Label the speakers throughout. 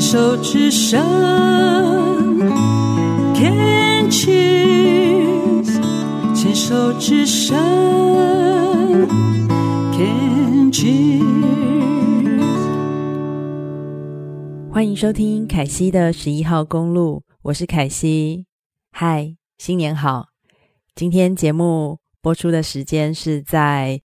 Speaker 1: 牽手之上 can't choose。牽手之上 can't choose。歡迎收聽凱西的十一號公路，我是凱西。嗨，新年好！今天節目播出的時間是在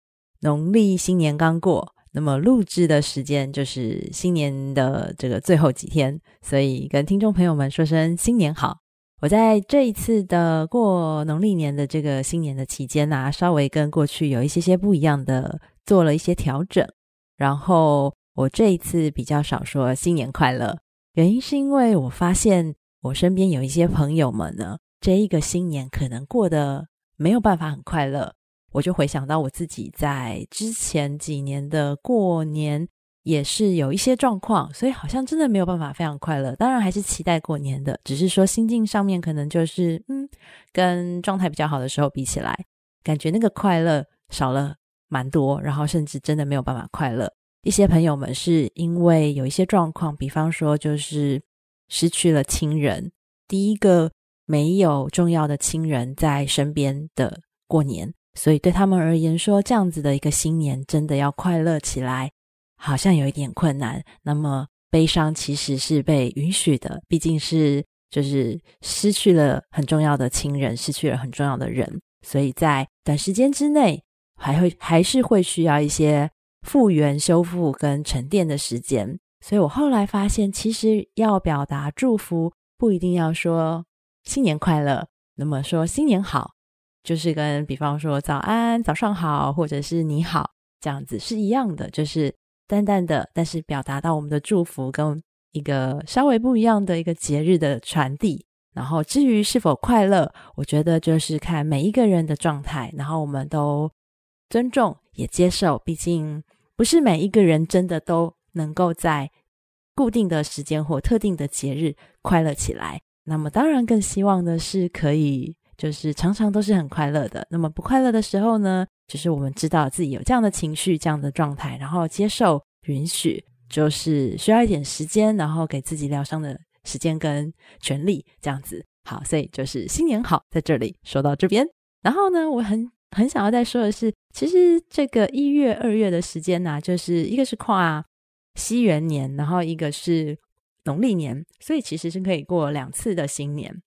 Speaker 1: 農曆新年剛過。那麼錄製的時間就是新年的這個最後幾天，所以跟聽眾朋友們說聲新年好。我在這一次的過農曆年的這個新年的期間呢、啊，稍微跟過去有一些些不一樣的，做了一些調整。然後我這一次比較少說新年快樂，原因是因為我發現我身邊有一些朋友們呢，這一個新年可能過得沒有辦法很快樂。我就回想到我自己在之前幾年的過年，也是有一些狀況，所以好像真的沒有辦法非常快樂。當然還是期待過年的，只是說心境上面可能就是嗯，跟狀態比較好的時候比起來，感覺那個快樂少了蠻多，然後甚至真的沒有辦法快樂。一些朋友們是因為有一些狀況，比方說就是失去了親人，第一個沒有重要的親人在身邊的過年。所以對他們而言說，這樣子的一個新年真的要快樂起來，好像有一點困難。那麼悲傷其實是被允許的，畢竟是就是失去了很重要的親人，失去了很重要的人，所以在短時間之內還會還是會需要一些復原、修復跟沉澱的時間。所以我後來發現，其實要表達祝福，不一定要說新年快樂，那麼說新年好，就是跟比方說早安、早上好，或者是你好這樣子是一樣的，就是淡淡的，但是表達到我們的祝福跟一個稍微不一樣的一個節日的傳遞。然後至於是否快樂，我覺得就是看每一個人的狀態，然後我們都尊重也接受，畢竟不是每一個人真的都能夠在固定的時間或特定的節日快樂起來。那麼當然更希望的是可以。就是常常都是很快樂的，那麼不快樂的時候呢，就是我們知道自己有這樣的情緒、這樣的狀態，然後接受、允許，就是需要一點時間，然後給自己療傷的時間跟權利，這樣子。好，所以就是新年好，在這裡說到這邊。然後呢，我很很想要再說的是，其實這個一月、二月的時間呢、啊，就是一個是跨西元年，然後一個是農曆年，所以其實是可以過兩次的新年。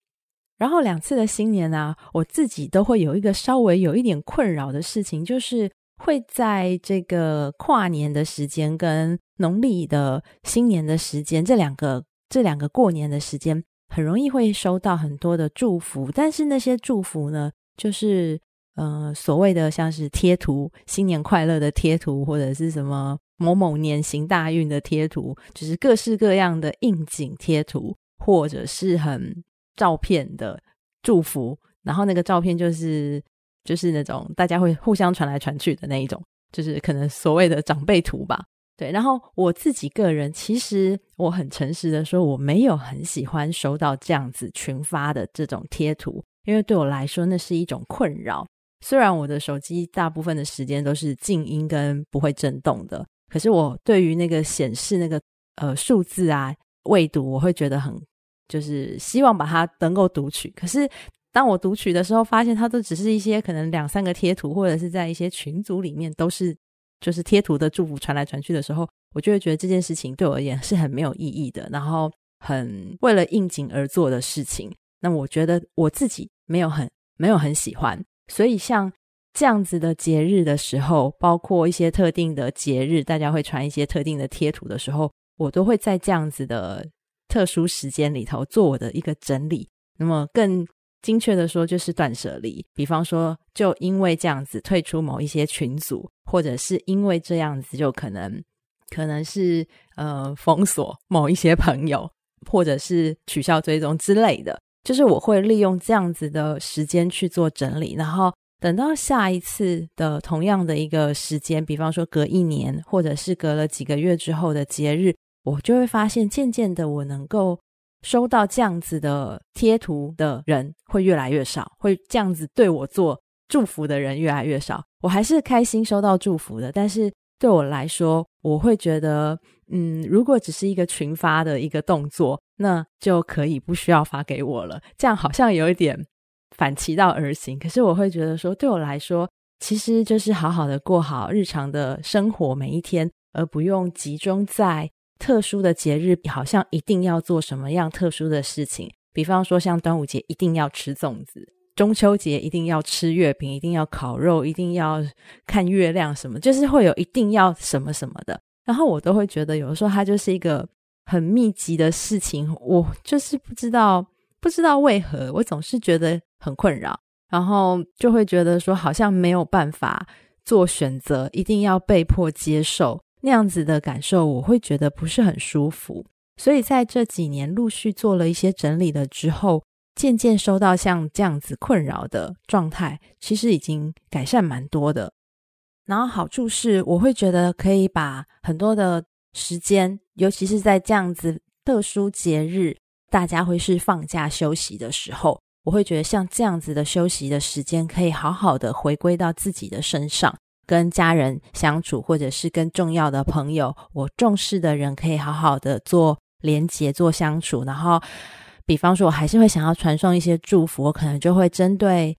Speaker 1: 然後兩次的新年呢、啊，我自己都會有一個稍微有一點困擾的事情，就是會在這個跨年的時間跟農曆的新年的時間，這兩個這兩個過年的時間，很容易會收到很多的祝福，但是那些祝福呢，就是呃所謂的像是貼圖“新年快樂”的貼圖，或者是什麼某某年行大運的貼圖，就是各式各樣的應景貼圖，或者是很。照片的祝福，然後那個照片就是就是那種大家會互相傳來傳去的那一種，就是可能所謂的長輩圖吧。對，然後我自己個人其實我很誠實的說，我沒有很喜歡收到這樣子群發的這種貼圖，因為對我來說那是一種困擾。雖然我的手機大部分的時間都是靜音跟不會震動的，可是我對於那個顯示那個呃數字啊未讀，我會覺得很。就是希望把它能夠讀取，可是當我讀取的時候，發現它都只是一些可能兩三個貼圖，或者是在一些群組裡面都是就是貼圖的祝福傳來傳去的時候，我就會覺得這件事情對我而言是很沒有意義的，然後很為了應景而做的事情。那我覺得我自己沒有很沒有很喜歡，所以像這樣子的節日的時候，包括一些特定的節日，大家會傳一些特定的貼圖的時候，我都會在這樣子的。特殊時間裡頭做我的一個整理，那麼更精確的說就是斷捨離。比方說，就因為這樣子退出某一些群組，或者是因為這樣子就可能可能是呃封鎖某一些朋友，或者是取消追蹤之類的。就是我會利用這樣子的時間去做整理，然後等到下一次的同樣的一個時間，比方說隔一年，或者是隔了幾個月之後的節日。我就會發現，漸漸的，我能夠收到這樣子的貼圖的人會越來越少，會這樣子對我做祝福的人越來越少。我還是開心收到祝福的，但是對我來說，我會覺得，嗯，如果只是一個群發的一個動作，那就可以不需要發給我了。這樣好像有一點反其道而行，可是我會覺得說，對我來說，其實就是好好的過好日常的生活每一天，而不用集中在。特殊的節日好像一定要做什麼樣特殊的事情，比方說像端午節一定要吃粽子，中秋節一定要吃月餅，一定要烤肉，一定要看月亮什麼，就是會有一定要什麼什麼的。然後我都會覺得，有的時候它就是一個很密集的事情，我就是不知道不知道為何，我總是覺得很困擾。然後就會覺得說好像沒有辦法做選擇，一定要被迫接受。那樣子的感受，我會覺得不是很舒服。所以在這幾年陸續做了一些整理了之後，漸漸收到像這樣子困擾的狀態，其實已經改善蠻多的。然後好處是，我會覺得可以把很多的時間，尤其是在這樣子特殊節日，大家會是放假休息的時候，我會覺得像這樣子的休息的時間，可以好好的回歸到自己的身上。跟家人相處，或者是跟重要的朋友、我重視的人，可以好好的做連接、做相處。然後，比方說，我還是會想要傳送一些祝福，我可能就會針對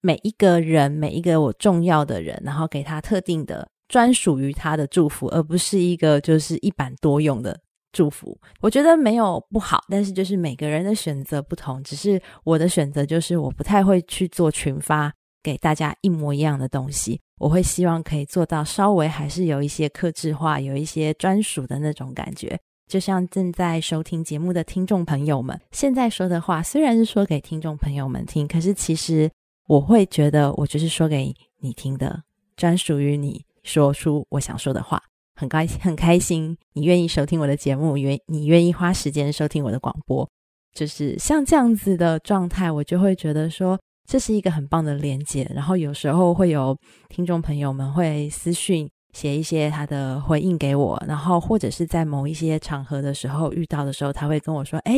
Speaker 1: 每一個人、每一個我重要的人，然後給他特定的、專屬於他的祝福，而不是一個就是一板多用的祝福。我覺得沒有不好，但是就是每個人的選擇不同，只是我的選擇就是我不太會去做群發。給大家一模一樣的東西，我會希望可以做到稍微還是有一些客製化，有一些專屬的那種感覺。就像正在收聽節目的聽眾朋友們，現在說的話雖然是說給聽眾朋友們聽，可是其實我會覺得我就是說給你聽的，專屬於你說出我想說的話。很開心很開心，你願意收聽我的節目，願你願意花時間收聽我的廣播，就是像這樣子的狀態，我就會覺得說。這是一個很棒的連接，然後有時候會有聽眾朋友們會私訊寫一些他的回應給我，然後或者是在某一些場合的時候遇到的時候，他會跟我說：“哎，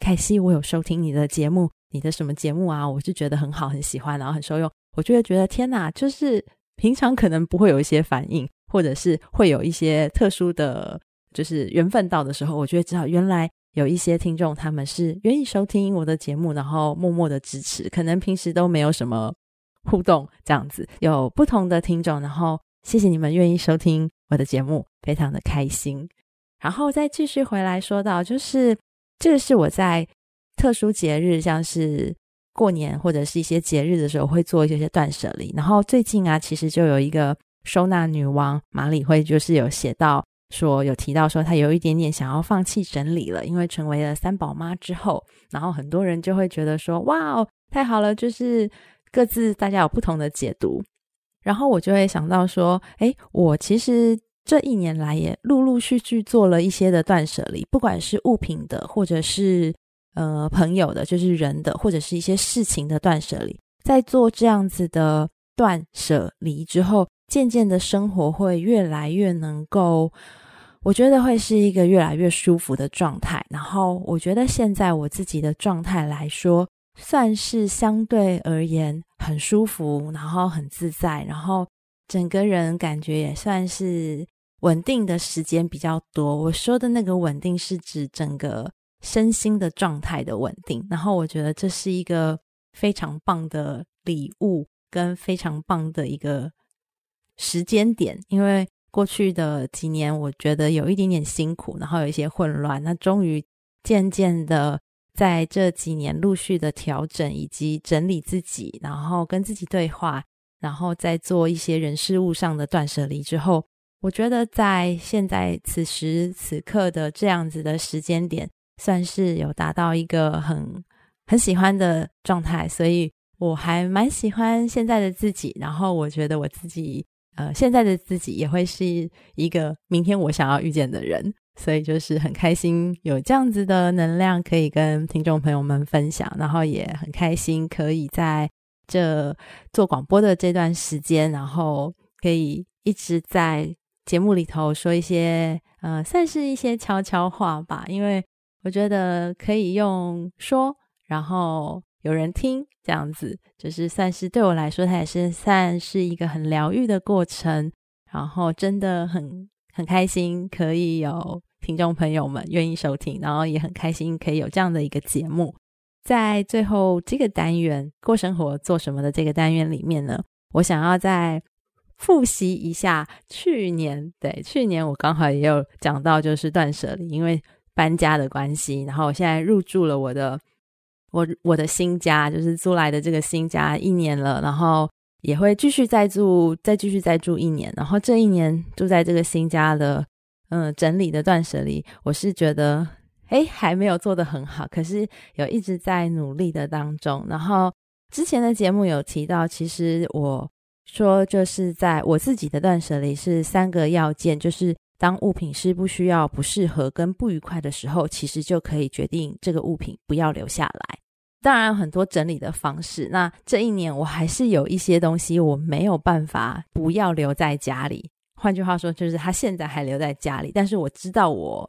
Speaker 1: 凱西，我有收聽你的節目，你的什麼節目啊？我是覺得很好，很喜歡，然後很受用。”我就會覺得天哪，就是平常可能不會有一些反應，或者是會有一些特殊的就是緣分到的時候，我就會知道原來。有一些聽眾，他們是願意收聽我的節目，然後默默的支持，可能平時都沒有什麼互動這樣子。有不同的聽眾，然後謝謝你們願意收聽我的節目，非常的開心。然後再繼續回來說到，就是這個是我在特殊節日，像是過年或者是一些節日的時候，會做一些些斷捨離。然後最近啊，其實就有一個收納女王麻理惠，就是有寫到。說有提到說他有一點點想要放棄整理了，因為成為了三寶媽之後，然後很多人就會覺得說哇哦，太好了，就是各自大家有不同的解讀。然後我就會想到說，誒，我其實這一年來也陸陸續續、續做了一些的斷捨離，不管是物品的，或者是呃朋友的，就是人的，或者是一些事情的斷捨離。在做這樣子的斷捨離之後，漸漸的生活會越來越能夠。我覺得會是一個越來越舒服的狀態，然後我覺得現在我自己的狀態來說，算是相對而言很舒服，然後很自在，然後整個人感覺也算是穩定的時間比較多。我說的那個穩定是指整個身心的狀態的穩定，然後我覺得這是一個非常棒的禮物跟非常棒的一個時間點，因為。過去的幾年，我覺得有一點點辛苦，然後有一些混亂。那終於漸漸的，在這幾年陸續的調整以及整理自己，然後跟自己對話，然後再做一些人事物上的斷捨離之後，我覺得在現在此時此刻的這樣子的時間點，算是有達到一個很，很喜歡的狀態。所以我還蠻喜歡現在的自己，然後我覺得我自己。呃，現在的自己也會是一個明天我想要遇見的人，所以就是很開心有這樣子的能量可以跟聽眾朋友們分享，然後也很開心可以在這做廣播的這段時間，然後可以一直在節目裡頭說一些，呃，算是一些悄悄話吧，因為我覺得可以用說，然後。有人聽這樣子，就是算是對我來說，它也是算是一個很療癒的過程。然後真的很很開心，可以有聽眾朋友們願意收聽，然後也很開心可以有這樣的一個節目。在最後這個單元“過生活做什麼”的這個單元裡面呢，我想要再複習一下去年。對，去年我剛好也有講到，就是斷捨離，因為搬家的關係，然後我現在入住了我的。我我的新家就是租來的這個新家一年了，然後也會繼續再住，再繼續再住一年。然後這一年住在這個新家的，嗯，整理的斷舍離，我是覺得，哎，還沒有做得很好，可是有一直在努力的當中。然後之前的節目有提到，其實我說就是在我自己的斷舍離是三個要件，就是當物品是不需要、不適合跟不愉快的時候，其實就可以決定這個物品不要留下來。當然，很多整理的方式。那這一年，我還是有一些東西我沒有辦法不要留在家裡。換句話說，就是他現在還留在家裡，但是我知道我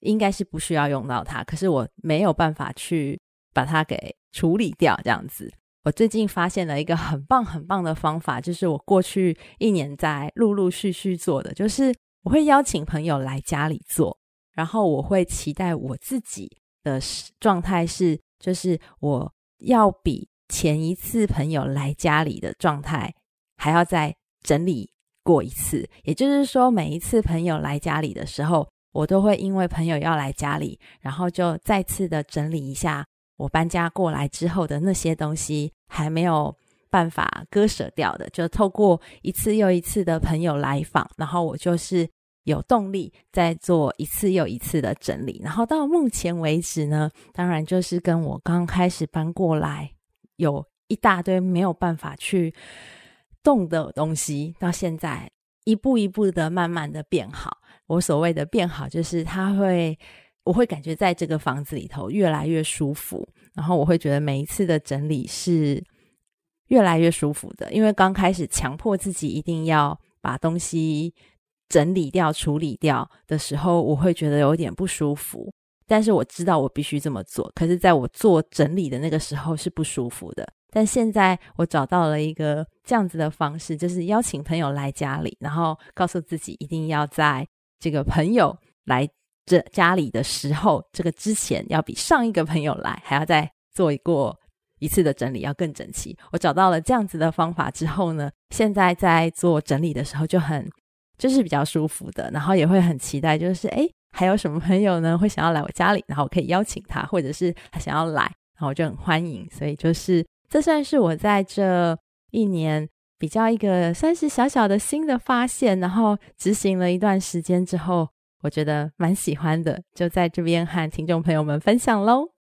Speaker 1: 應該是不需要用到它，可是我沒有辦法去把它給處理掉。這樣子，我最近發現了一個很棒很棒的方法，就是我過去一年在陸陸續續做的，就是我會邀請朋友來家裡做，然後我會期待我自己的狀態是。就是我要比前一次朋友來家裡的狀態還要再整理過一次，也就是說，每一次朋友來家裡的時候，我都會因為朋友要來家裡，然後就再次的整理一下我搬家過來之後的那些東西還沒有辦法割捨掉的，就透過一次又一次的朋友來訪，然後我就是。有動力在做一次又一次的整理，然後到目前為止呢，當然就是跟我剛開始搬過來有一大堆沒有辦法去動的東西，到現在一步一步的慢慢的變好。我所謂的變好，就是它會，我會感覺在這個房子裡頭越來越舒服，然後我會覺得每一次的整理是越來越舒服的，因為剛開始強迫自己一定要把東西。整理掉、處理掉的時候，我會覺得有點不舒服。但是我知道我必須這麼做。可是，在我做整理的那個時候是不舒服的。但現在我找到了一個這樣子的方式，就是邀請朋友來家裡，然後告訴自己一定要在這個朋友來這家裡的時候，這個之前要比上一個朋友來還要再做過一,一次的整理，要更整齊。我找到了這樣子的方法之後呢，現在在做整理的時候就很。就是比較舒服的，然後也會很期待，就是誒，還有什麼朋友呢會想要來我家裡，然後我可以邀請他，或者是他想要來，然後我就很歡迎。所以就是這算是我在這一年比較一個算是小小的新的發現，然後執行了一段時間之後，我覺得蠻喜歡的，就在這邊和聽眾朋友們分享嘍。